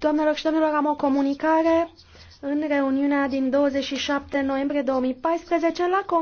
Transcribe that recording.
Doamnelor și domnilor, am o comunicare în reuniunea din 27 noiembrie 2014 la